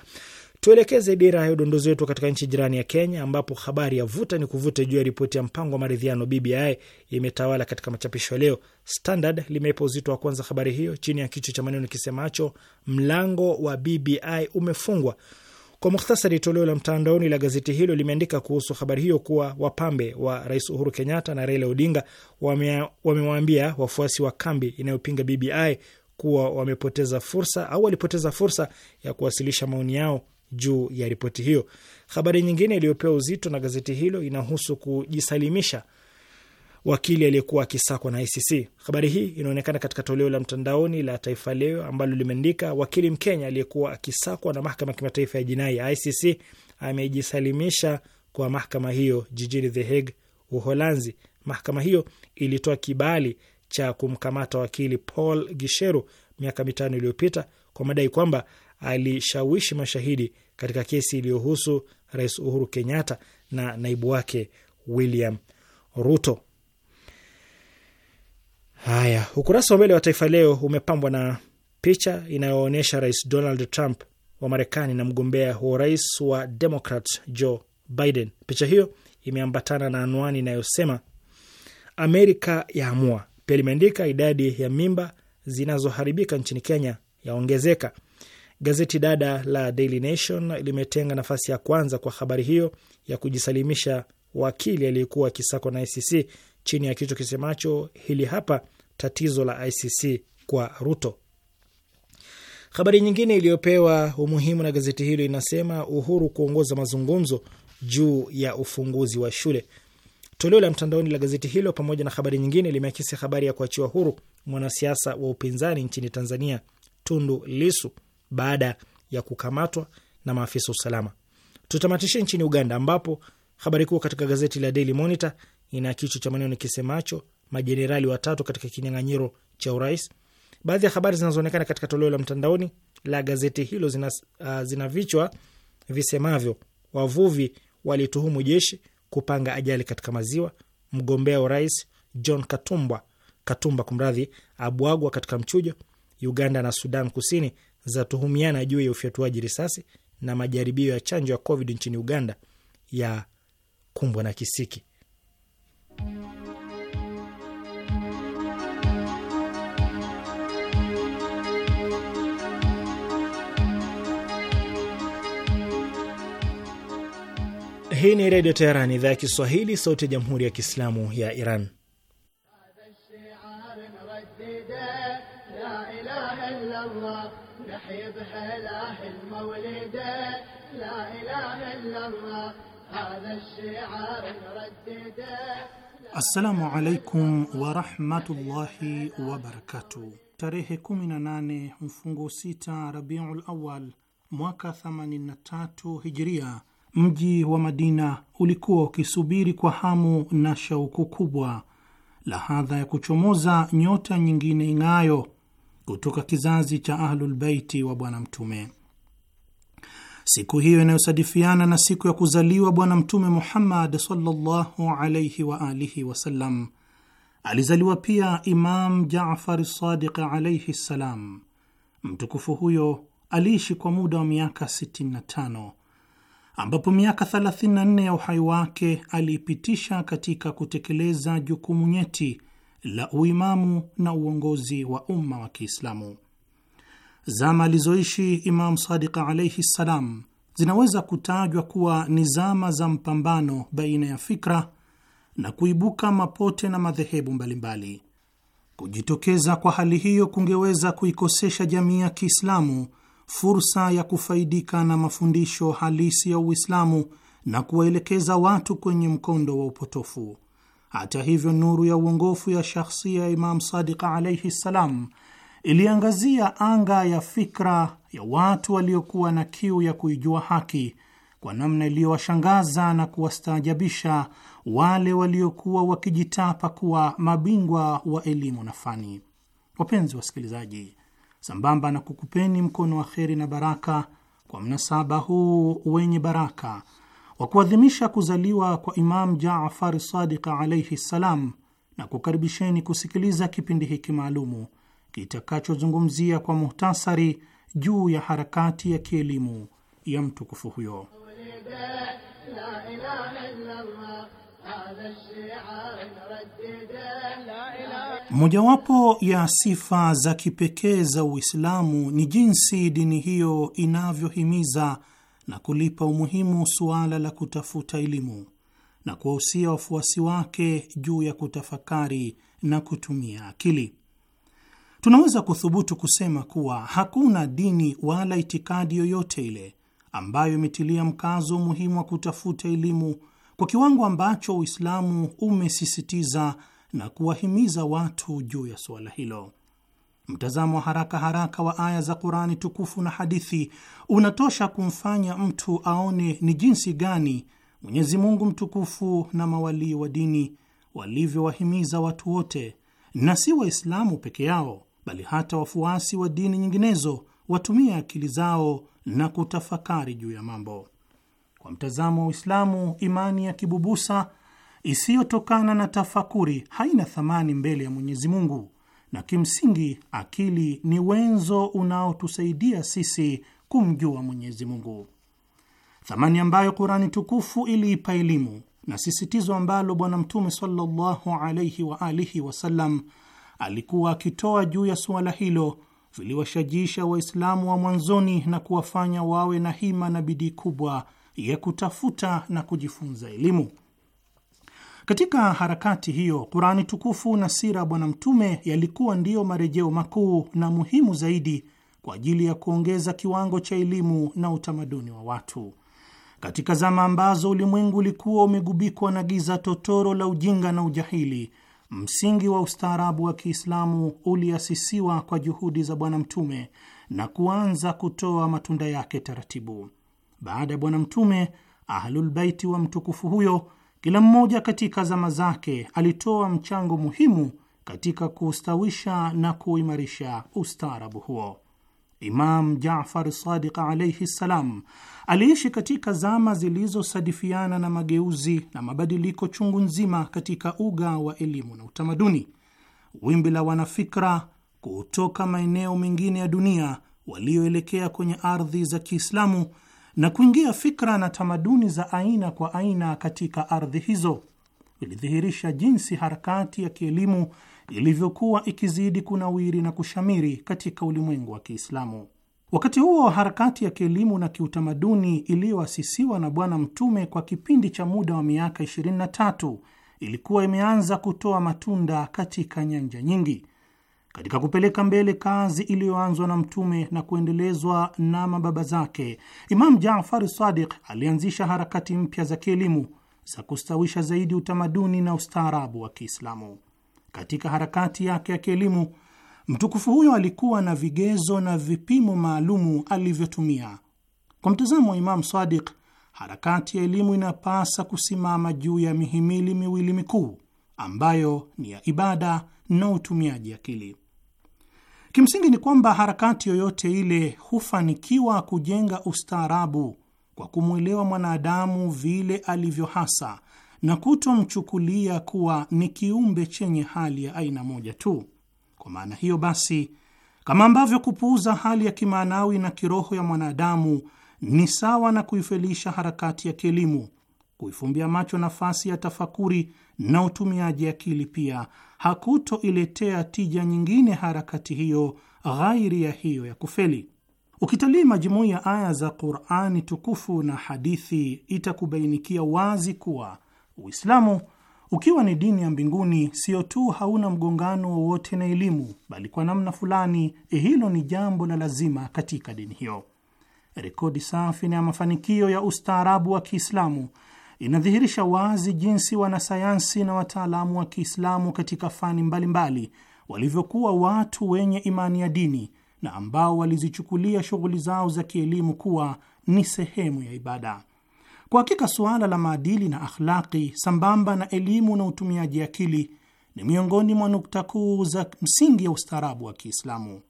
Tuelekeze dira ya udondozi wetu katika nchi jirani ya Kenya, ambapo habari ya vuta ni kuvute juu ya ripoti ya mpango wa maridhiano BBI imetawala katika machapisho leo. Standard limeipa uzito wa kwanza habari hiyo chini ya kichwa cha maneno kisemacho mlango wa BBI umefungwa. Kwa mukhtasari, toleo la mtandaoni la gazeti hilo limeandika kuhusu habari hiyo kuwa wapambe wa Rais Uhuru Kenyatta na Raila Odinga wamewaambia wame wafuasi wa kambi inayopinga BBI kuwa wamepoteza fursa au walipoteza fursa ya kuwasilisha maoni yao juu ya ripoti hiyo. Habari nyingine iliyopewa uzito na gazeti hilo inahusu kujisalimisha wakili aliyekuwa akisakwa na ICC. Habari hii inaonekana katika toleo la mtandaoni la Taifa Leo ambalo limeandika wakili Mkenya aliyekuwa akisakwa na mahakama ya kimataifa ya jinai ya ICC amejisalimisha kwa mahakama hiyo jijini The Hague, Uholanzi. Mahakama hiyo ilitoa kibali cha kumkamata wakili Paul Gisheru miaka mitano iliyopita kwa madai kwamba alishawishi mashahidi katika kesi iliyohusu Rais Uhuru Kenyatta na naibu wake William Ruto. Haya, ukurasa wa mbele wa Taifa Leo umepambwa na picha inayoonyesha Rais Donald Trump wa Marekani na mgombea wa urais wa Demokrat Joe Biden. Picha hiyo imeambatana na anwani inayosema Amerika yaamua. Pia limeandika idadi ya mimba zinazoharibika nchini Kenya yaongezeka. Gazeti dada la Daily Nation limetenga nafasi ya kwanza kwa habari hiyo ya kujisalimisha wakili aliyekuwa akisakwa na ICC chini ya kichwa kisemacho hili hapa tatizo la ICC kwa Ruto. Habari nyingine iliyopewa umuhimu na gazeti hilo inasema Uhuru kuongoza mazungumzo juu ya ufunguzi wa shule. Toleo la mtandaoni la gazeti hilo pamoja na habari nyingine limeakisi habari ya kuachiwa huru mwanasiasa wa upinzani nchini Tanzania Tundu Lisu baada ya kukamatwa na maafisa wa usalama. Tutamatishe nchini Uganda, ambapo habari kuu katika gazeti la Daily Monitor ina kichwa cha maneno kisemacho majenerali watatu katika kinyang'anyiro cha urais. Baadhi ya habari zinazoonekana katika toleo la mtandaoni la gazeti hilo zina, uh, zina vichwa visemavyo: wavuvi walituhumu jeshi kupanga ajali katika maziwa, mgombea wa urais John Katumba Katumba kumradhi abwagwa katika mchujo, Uganda na Sudan Kusini za tuhumiana juu ya ufyatuaji risasi na majaribio ya chanjo ya Covid nchini Uganda ya kumbwa na kisiki. Hii ni Redio Teheran, idhaa ya Kiswahili, sauti ya Jamhuri ya Kiislamu ya Iran. Assalamu alaikum warahmatullahi wabarakatuh. Tarehe 18 mfungo 6 Rabiul Awal mwaka 83 Hijria, mji wa Madina ulikuwa ukisubiri kwa hamu na shauku kubwa lahadha ya kuchomoza nyota nyingine ing'ayo kutoka kizazi cha Ahlulbeiti wa Bwana Mtume Siku hiyo inayosadifiana na siku ya kuzaliwa Bwana Mtume Muhammad sallallahu alaihi wa alihi wasallam, alizaliwa pia Imam Jafari Sadiq alaihi ssalam. Mtukufu huyo aliishi kwa muda wa miaka 65 ambapo miaka 34 ya uhai wake aliipitisha katika kutekeleza jukumu nyeti la uimamu na uongozi wa umma wa Kiislamu. Zama alizoishi Imam Sadiq alaihi ssalam zinaweza kutajwa kuwa ni zama za mpambano baina ya fikra na kuibuka mapote na madhehebu mbalimbali. Kujitokeza kwa hali hiyo kungeweza kuikosesha jamii ya Kiislamu fursa ya kufaidika na mafundisho halisi ya Uislamu na kuwaelekeza watu kwenye mkondo wa upotofu. Hata hivyo, nuru ya uongofu ya shakhsia ya Imam Sadiq alaihi ssalam iliangazia anga ya fikra ya watu waliokuwa na kiu ya kuijua haki kwa namna iliyowashangaza na kuwastaajabisha wale waliokuwa wakijitapa kuwa mabingwa wa elimu na fani. Wapenzi wasikilizaji, sambamba na kukupeni mkono wa kheri na baraka kwa mnasaba huu wenye baraka wa kuadhimisha kuzaliwa kwa Imam Jaafar Sadiq alaihi ssalam, na kukaribisheni kusikiliza kipindi hiki maalumu kitakachozungumzia kwa muhtasari juu ya harakati ya kielimu ya mtukufu huyo. Mojawapo ya sifa za kipekee za Uislamu ni jinsi dini hiyo inavyohimiza na kulipa umuhimu suala la kutafuta elimu na kuwahusia wafuasi wake juu ya kutafakari na kutumia akili tunaweza kuthubutu kusema kuwa hakuna dini wala itikadi yoyote ile ambayo imetilia mkazo umuhimu wa kutafuta elimu kwa kiwango ambacho Uislamu umesisitiza na kuwahimiza watu juu ya suala hilo. Mtazamo wa haraka haraka wa aya za Kurani tukufu na hadithi unatosha kumfanya mtu aone ni jinsi gani Mwenyezi Mungu mtukufu na mawalii wa dini walivyowahimiza watu wote na si Waislamu peke yao bali hata wafuasi wa dini nyinginezo watumie akili zao na kutafakari juu ya mambo. Kwa mtazamo wa Uislamu, imani ya kibubusa isiyotokana na tafakuri haina thamani mbele ya Mwenyezi Mungu, na kimsingi akili ni wenzo unaotusaidia sisi kumjua Mwenyezi Mungu, thamani ambayo Kurani tukufu iliipa elimu na sisitizo ambalo Bwana Mtume sallallahu alaihi wa alihi wasallam alikuwa akitoa juu ya suala hilo viliwashajisha Waislamu wa mwanzoni na kuwafanya wawe na hima na bidii kubwa ya kutafuta na kujifunza elimu. Katika harakati hiyo, Kurani tukufu na sira Bwana Mtume yalikuwa ndiyo marejeo makuu na muhimu zaidi kwa ajili ya kuongeza kiwango cha elimu na utamaduni wa watu. Katika zama ambazo ulimwengu ulikuwa umegubikwa na giza totoro la ujinga na ujahili, Msingi wa ustaarabu wa Kiislamu uliasisiwa kwa juhudi za Bwana Mtume na kuanza kutoa matunda yake taratibu. Baada ya Bwana Mtume, Ahlulbaiti wa mtukufu huyo, kila mmoja katika zama zake, alitoa mchango muhimu katika kuustawisha na kuimarisha ustaarabu huo. Imam Jafar Sadiq alaihi ssalam aliishi katika zama zilizosadifiana na mageuzi na mabadiliko chungu nzima katika uga wa elimu na utamaduni. Wimbi la wanafikra kutoka maeneo mengine ya dunia walioelekea kwenye ardhi za Kiislamu na kuingia fikra na tamaduni za aina kwa aina katika ardhi hizo vilidhihirisha jinsi harakati ya kielimu ilivyokuwa ikizidi kunawiri na kushamiri katika ulimwengu wa Kiislamu. Wakati huo harakati ya kielimu na kiutamaduni iliyoasisiwa na Bwana Mtume kwa kipindi cha muda wa miaka 23 ilikuwa imeanza kutoa matunda katika nyanja nyingi, katika kupeleka mbele kazi iliyoanzwa na Mtume na kuendelezwa na mababa zake. Imam Jafari Sadiq alianzisha harakati mpya za kielimu za kustawisha zaidi utamaduni na ustaarabu wa Kiislamu. Katika harakati yake ya kielimu, mtukufu huyo alikuwa na vigezo na vipimo maalumu alivyotumia. Kwa mtazamo wa Imamu Sadiq, harakati ya elimu inapasa kusimama juu ya mihimili miwili mikuu ambayo ni ya ibada na utumiaji akili. Kimsingi ni kwamba harakati yoyote ile hufanikiwa kujenga ustaarabu kwa kumwelewa mwanadamu vile alivyo hasa na kutomchukulia kuwa ni kiumbe chenye hali ya aina moja tu. Kwa maana hiyo basi, kama ambavyo kupuuza hali ya kimaanawi na kiroho ya mwanadamu ni sawa na kuifelisha harakati ya kielimu, kuifumbia macho nafasi ya tafakuri na utumiaji akili pia hakutoiletea tija nyingine harakati hiyo ghairi ya hiyo ya kufeli. Ukitalii majumui ya aya za Qur'ani tukufu na hadithi, itakubainikia wazi kuwa Uislamu ukiwa ni dini ya mbinguni, sio tu hauna mgongano wowote na elimu, bali kwa namna fulani eh, hilo ni jambo la lazima katika dini hiyo. Rekodi safi na ya mafanikio ya ustaarabu wa Kiislamu inadhihirisha wazi jinsi wanasayansi na wataalamu wa Kiislamu katika fani mbalimbali walivyokuwa watu wenye imani ya dini na ambao walizichukulia shughuli zao za kielimu kuwa ni sehemu ya ibada. Kwa hakika suala la maadili na akhlaki sambamba na elimu na utumiaji akili ni miongoni mwa nukta kuu za msingi ya ustaarabu wa Kiislamu.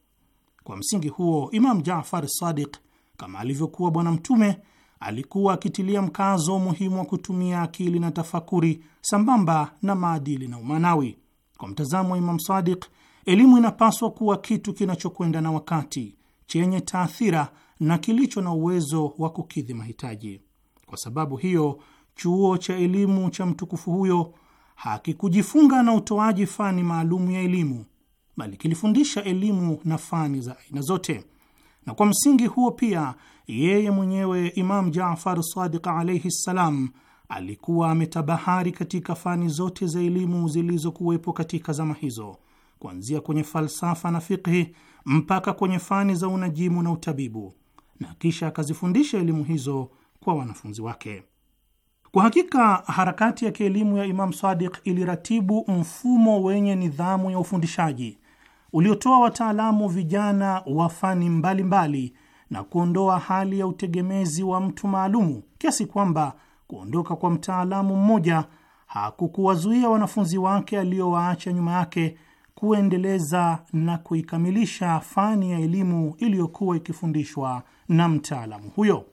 Kwa msingi huo, Imam Jafar Sadiq kama alivyokuwa Bwana Mtume alikuwa akitilia mkazo umuhimu wa kutumia akili na tafakuri sambamba na maadili na umanawi. Kwa mtazamo wa Imam Sadiq, elimu inapaswa kuwa kitu kinachokwenda na wakati, chenye taathira na kilicho na uwezo wa kukidhi mahitaji. Kwa sababu hiyo, chuo cha elimu cha mtukufu huyo hakikujifunga na utoaji fani maalumu ya elimu, bali kilifundisha elimu na fani za aina zote. Na kwa msingi huo pia yeye mwenyewe Imam Jafar Sadiq alaihi ssalam alikuwa ametabahari katika fani zote za elimu zilizokuwepo katika zama hizo, kuanzia kwenye falsafa na fikhi mpaka kwenye fani za unajimu na utabibu, na kisha akazifundisha elimu hizo kwa wanafunzi wake. Kwa hakika harakati ya kielimu ya Imam Sadiq iliratibu mfumo wenye nidhamu ya ufundishaji uliotoa wataalamu vijana wa fani mbalimbali na kuondoa hali ya utegemezi wa mtu maalumu, kiasi kwamba kuondoka kwa mtaalamu mmoja hakukuwazuia wanafunzi wake aliyowaacha nyuma yake kuendeleza na kuikamilisha fani ya elimu iliyokuwa ikifundishwa na mtaalamu huyo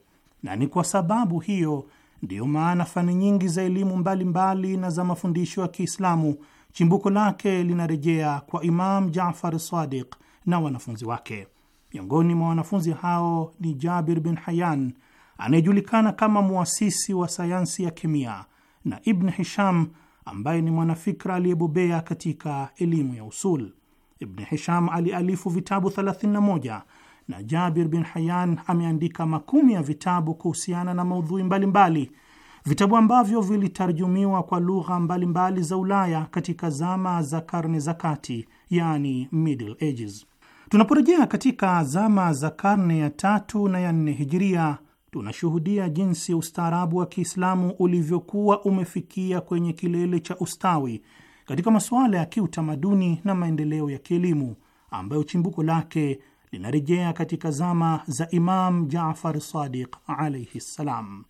na ni kwa sababu hiyo ndiyo maana fani nyingi za elimu mbalimbali na za mafundisho ya Kiislamu chimbuko lake linarejea kwa Imam Jafar Sadiq na wanafunzi wake. Miongoni mwa wanafunzi hao ni Jabir bin Hayyan anayejulikana kama muasisi wa sayansi ya kemia na Ibn Hisham ambaye ni mwanafikra aliyebobea katika elimu ya usul. Ibn Hisham alialifu vitabu 31 na Jabir bin Hayyan ameandika makumi ya vitabu kuhusiana na maudhui mbalimbali mbali. Vitabu ambavyo vilitarjumiwa kwa lugha mbalimbali za Ulaya katika zama za karne za kati, yani Middle Ages. Tunaporejea katika zama za karne ya tatu na ya nne hijiria, tunashuhudia jinsi ustaarabu wa Kiislamu ulivyokuwa umefikia kwenye kilele cha ustawi katika masuala ya kiutamaduni na maendeleo ya kielimu ambayo chimbuko lake linarejea katika zama za Imam Jafar Sadiq alaihi ssalam.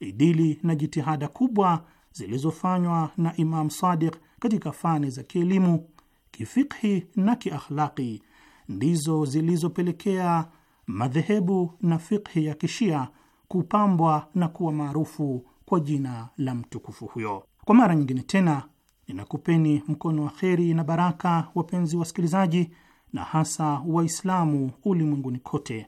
Idili na jitihada kubwa zilizofanywa na Imam Sadiq katika fani za kielimu, kifikhi na kiakhlaqi ndizo zilizopelekea madhehebu na fikhi ya kishia kupambwa na kuwa maarufu kwa jina la mtukufu huyo. Kwa mara nyingine tena, ninakupeni mkono wa kheri na baraka, wapenzi wasikilizaji na hasa Waislamu ulimwenguni kote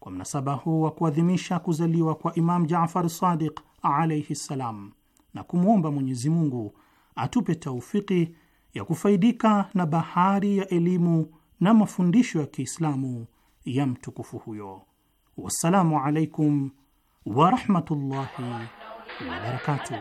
kwa mnasaba huu wa kuadhimisha kuzaliwa kwa Imam Jafar Sadiq alaihi ssalam, na kumwomba Mwenyezi Mungu atupe taufiki ya kufaidika na bahari ya elimu na mafundisho ya Kiislamu ya mtukufu huyo. Wassalamu alaikum warahmatullahi wabarakatuh.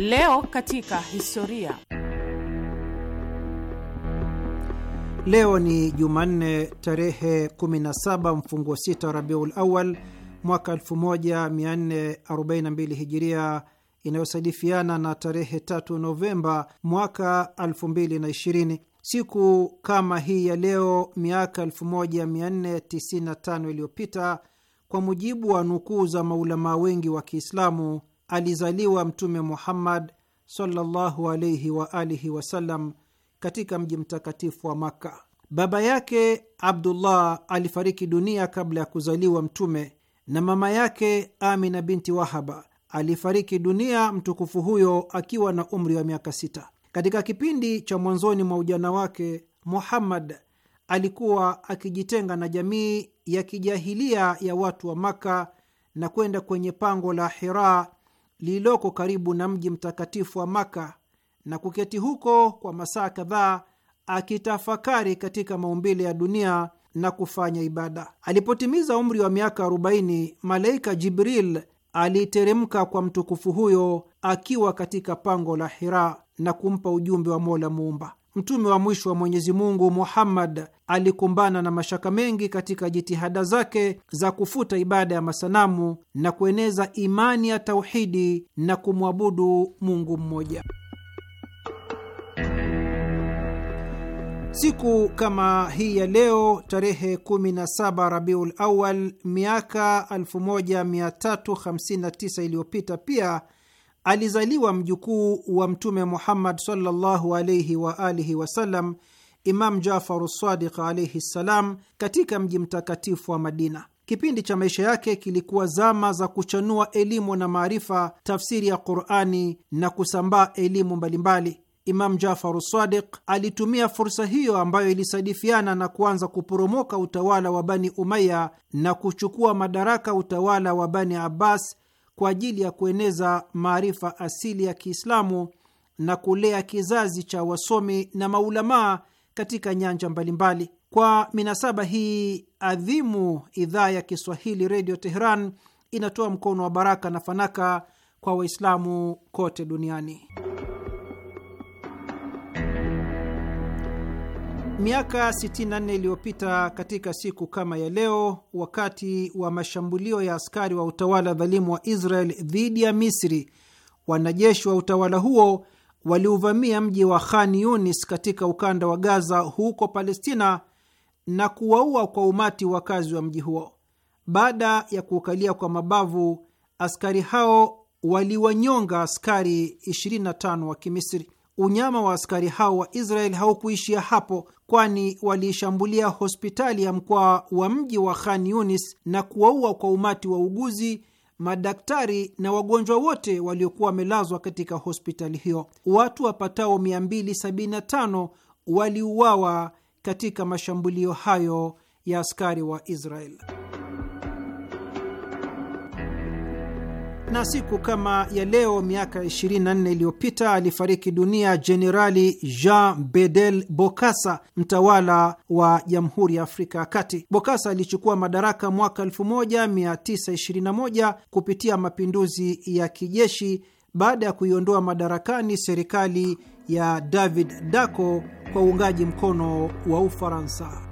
Leo katika historia. Leo ni Jumanne tarehe 17 mfunguo 6 Rabiul Awal mwaka 1442 Hijiria, inayosadifiana na tarehe 3 Novemba mwaka 2020. Siku kama hii ya leo miaka 1495 iliyopita, kwa mujibu wa nukuu za maulamaa wengi wa Kiislamu alizaliwa Mtume Muhammad sallallahu wa alihi wasallam katika mji mtakatifu wa Makka. Baba yake Abdullah alifariki dunia kabla ya kuzaliwa Mtume, na mama yake Amina binti Wahaba alifariki dunia mtukufu huyo akiwa na umri wa miaka sita. Katika kipindi cha mwanzoni mwa ujana wake, Muhammad alikuwa akijitenga na jamii ya kijahilia ya watu wa makka na kwenda kwenye pango la Hiraa lililoko karibu na mji mtakatifu wa Maka na kuketi huko kwa masaa kadhaa akitafakari katika maumbile ya dunia na kufanya ibada. Alipotimiza umri wa miaka 40, malaika Jibril aliteremka kwa mtukufu huyo akiwa katika pango la Hira na kumpa ujumbe wa Mola Muumba. Mtume wa mwisho wa Mwenyezi Mungu Muhammad alikumbana na mashaka mengi katika jitihada zake za kufuta ibada ya masanamu na kueneza imani ya tauhidi na kumwabudu Mungu mmoja. Siku kama hii ya leo tarehe 17 Rabiul Awal miaka 1359 iliyopita pia alizaliwa mjukuu wa Mtume Muhammad sallallahu alaihi wa alihi wasallam, Imam Jafaru Sadiq alaihi ssalam, katika mji mtakatifu wa Madina. Kipindi cha maisha yake kilikuwa zama za kuchanua elimu na maarifa, tafsiri ya Qurani na kusambaa elimu mbalimbali. Imam Jafaru Sadiq alitumia fursa hiyo ambayo ilisadifiana na kuanza kuporomoka utawala wa Bani Umaya na kuchukua madaraka utawala wa Bani Abbas kwa ajili ya kueneza maarifa asili ya Kiislamu na kulea kizazi cha wasomi na maulamaa katika nyanja mbalimbali. Kwa minasaba hii adhimu, idhaa ya Kiswahili Redio Teheran inatoa mkono wa baraka na fanaka kwa Waislamu kote duniani. Miaka 64 iliyopita katika siku kama ya leo, wakati wa mashambulio ya askari wa utawala dhalimu wa Israel dhidi ya Misri, wanajeshi wa utawala huo waliuvamia mji wa Khan Yunis katika ukanda wa Gaza huko Palestina na kuwaua kwa umati wakazi wa mji huo. Baada ya kuukalia kwa mabavu, askari hao waliwanyonga askari 25 wa Kimisri unyama wa askari hao wa Israel haukuishia hapo, kwani waliishambulia hospitali ya mkoa wa mji wa Khan Yunis na kuwaua kwa umati wa uguzi madaktari na wagonjwa wote waliokuwa wamelazwa katika hospitali hiyo. Watu wapatao 275 waliuawa katika mashambulio hayo ya askari wa Israel. na siku kama ya leo miaka 24 iliyopita alifariki dunia Jenerali Jean Bedel Bokassa, mtawala wa Jamhuri ya Afrika ya Kati. Bokassa alichukua madaraka mwaka 1921 kupitia mapinduzi ya kijeshi baada ya kuiondoa madarakani serikali ya David daco kwa uungaji mkono wa Ufaransa.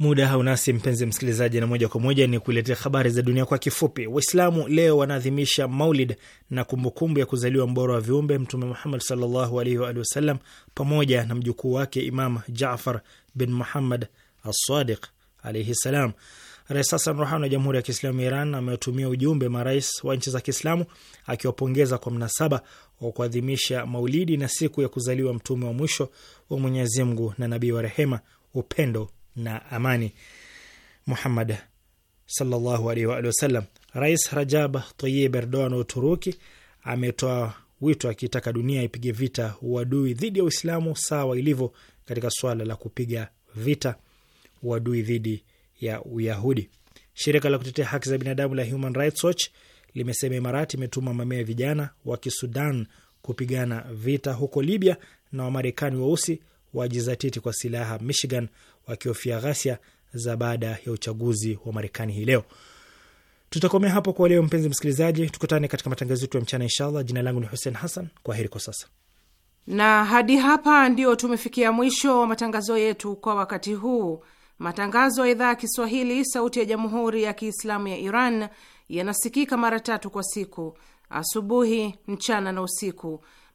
Muda haunasi mpenzi msikilizaji, na moja kwa moja ni kuletea habari za dunia kwa kifupi. Waislamu leo wanaadhimisha Maulid na kumbukumbu ya kuzaliwa mbora wa viumbe Mtume Muhammad sallallahu alaihi wa pamoja na mjukuu wake Imam Jafar bin Muhammad Assadiq alaihi salam. Rais Hasan Rohani wa Jamhuri ya Kiislamu ya Iran amewatumia ujumbe marais wa nchi za Kiislamu akiwapongeza kwa mnasaba wa kuadhimisha Maulidi na siku ya kuzaliwa mtume wa mwisho wa Mwenyezi Mungu na nabii wa rehema, upendo na amani Muhammad sallallahu alaihi wa alihi wasallam. Rais Rajab Tayyib Erdogan wa Uturuki ametoa wito akitaka dunia ipige vita uadui dhidi ya Uislamu sawa ilivyo katika swala la kupiga vita uadui dhidi ya Uyahudi. Shirika la kutetea haki za binadamu la Human Rights Watch limesema Imarati imetuma mamia ya vijana wa Kisudan kupigana vita huko Libya na Wamarekani weusi wajizatiti kwa silaha Michigan wakihofia ghasia za baada ya uchaguzi wa Marekani hii leo. Tutakomea hapo kwa leo, mpenzi msikilizaji, tukutane katika matangazo yetu ya mchana inshallah. Jina langu ni Hussein Hassan, kwa heri kwa sasa. Na hadi hapa ndio tumefikia mwisho wa matangazo yetu kwa wakati huu. Matangazo ya idhaa ya Kiswahili sauti ya jamhuri ya Kiislamu ya Iran yanasikika mara tatu kwa siku: asubuhi, mchana na usiku